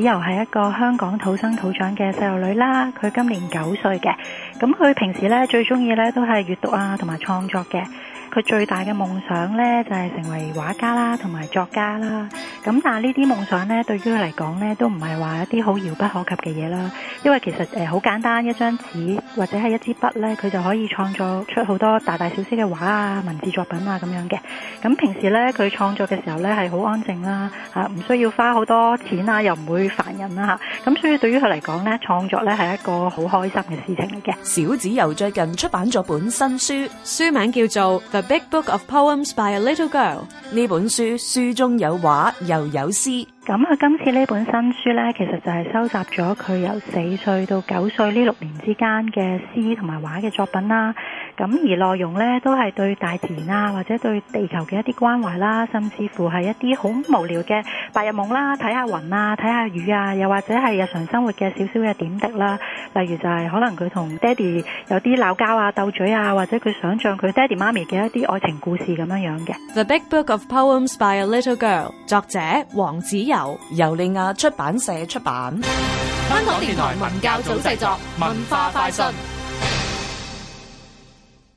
子由係一個香港土生土長嘅細路女啦，佢今年九歲嘅，咁佢平時咧最中意咧都係閱讀啊同埋創作嘅，佢最大嘅夢想咧就係成為畫家啦同埋作家啦。咁但係呢啲夢想咧，對於佢嚟講咧，都唔係話一啲好遙不可及嘅嘢啦。因為其實呃好簡單，一張紙或者係一支筆咧，佢就可以創造出好多大大小小嘅畫啊、文字作品啊咁樣嘅。咁平時咧，佢創作嘅時候咧係好安靜啦、啊，唔、啊、需要花好多錢呀、啊，又唔會煩人啦、啊、嚇。咁所以對於佢嚟講咧，創作咧係一個好開心嘅事情嚟嘅。小子由最近出版咗本新書，書名叫做《The Big Book of Poems by a Little Girl》。呢本書書中有畫。又有詩，咁啊，今次呢本新書咧，其實就係收集咗佢由四歲到九歲呢六年之間嘅詩同埋畫嘅作品啦。咁而內容咧都係對大自然啊，或者對地球嘅一啲關懷啦，甚至乎係一啲好無聊嘅白日夢啦，睇下雲啊，睇下雨啊，又或者係日常生活嘅少少嘅點滴啦。例如就係可能佢同爹哋有啲鬧交啊、鬥嘴啊，或者佢想像佢爹哋媽咪嘅一啲愛情故事咁樣嘅。The Big Book of Poems by a Little Girl，作者黃子由，尤利亞出版社出版。香港電台文教組製作，文化快訊。